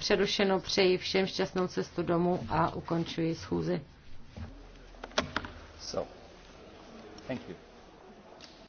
přerušeno. Přeji všem šťastnou cestu domů a ukončuji schůzi. So, thank you.